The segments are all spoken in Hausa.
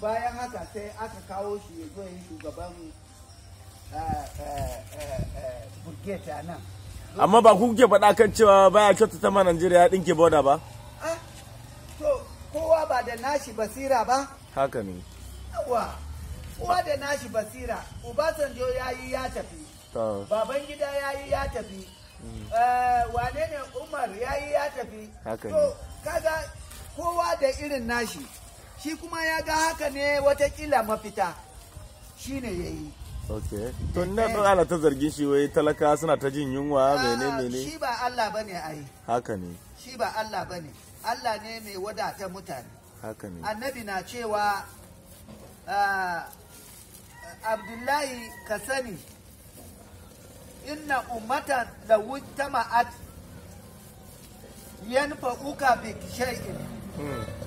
bayan haka sai aka kawo shi ya zo yi shugaban eh, eh, eh, burgeta nan amma ba ku kuke faɗa kan cewa baya ta ma najeriya ya ɗinke boda ba ah, to kowa ba da nashi basira ba haka ne yawa kowa da nashi basira obasanjo ya yi ya tafi baban gida ya yi ya tafi mm. wane ne umar ya yi ya tafi to kaga kowa da irin nashi shi kuma ya ga haka ne watakila mafita shi ne ya yi ok to ina ɗan ana ta zargin shi wai talaka suna ta jin yunwa ah, mene mene shi ba Allah bane ai haka ne shi ba Allah ba ne Allah ne mai wadata mutane haka ne annabi na cewa ah, abdullahi ka sani inna ummatan da yan fa'uka bi shay'in hmm.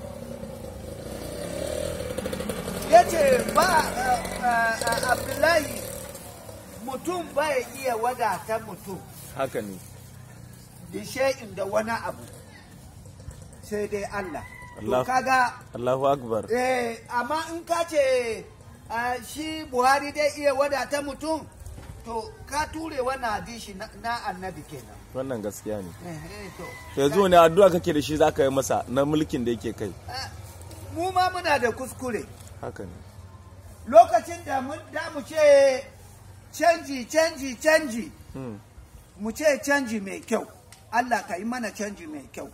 ce ba eh, eh, abdullahi mutum ba ya iya wadatar mutum haka ne sha'in da wani abu sai dai Allah to kaga Allahu akbar eh amma in ka ce eh, shi Buhari dai iya wadatar mutum to ka ture wani hadishi na annabi kenan wannan gaskiya ne to yanzu wani addu'a kake da shi ka yi masa na mulkin da yake kai mu ma muna da kuskure haka lokacin da mun da mu ce canji canji canji hmm. mu ce canji mai kyau Allah ka yi mana canji mai kyau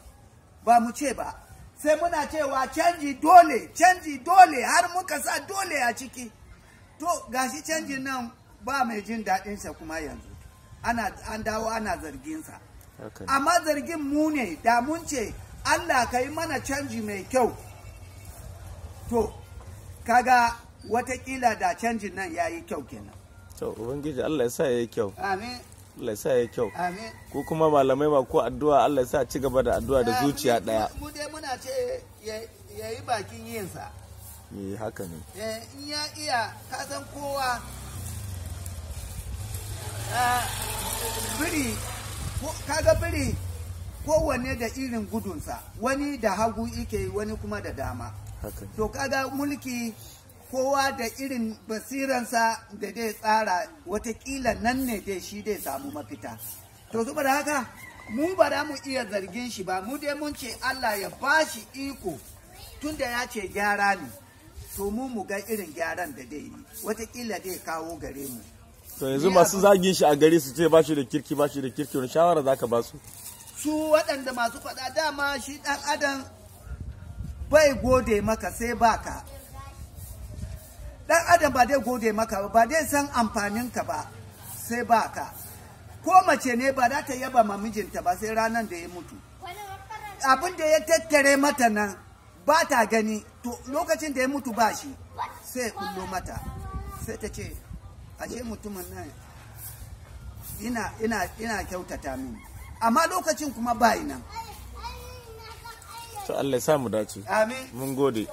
ba mu ce ba sai muna cewa canji dole canji dole har muka sa dole a ciki to gashi canji nan ba mai jin sa kuma yanzu ana an dawo ana zargin sa amma zargin mu ne da mun ce Allah ka yi mana canji mai kyau to kaga watakila da canjin nan ya yi kyau kenan to ubangiji allah ya sa ya yi kyau amin Allah sa ya kyau. Ku kuma malamai ma ko addu'a Allah sa ci gaba da addu'a da eh, zuciya daya. Mu dai muna ce ya yi bakin yinsa. Me haka ne. Eh, in ya iya ka san kowa eh, biri kaga biri kowanne da irin gudunsa wani da hagu ike wani kuma da dama. to kaga mulki kowa da irin basiransa da dai tsara watakila nan ne dai shi dai samu mafita to zuba da haka mu ba za mu iya zargin shi ba mu dai mun ce Allah ya ba shi iko tunda ya ce gyara ne to mu mu ga irin gyaran da dai yi watakila dai kawo gare mu to yanzu masu zagin shi a gari su ce ba shi da kirki ba shi da kirki wani shawara zaka ba su su waɗanda masu faɗa dama shi ɗan adam bai gode maka sai baka dan adam ba dai gode maka ba ba dai san amfaninka ba sai baka ko mace ne ba za ta yaba ma mijinta ba sai ranar da ya mutu abin da ya tattare mata nan ba ta gani to lokacin da ya mutu ba shi sai ya kullo mata sai ta ce ashe mutumin nan ina ina ina kyautata min amma lokacin kuma ba nan to Allah ya samu dace amin mun gode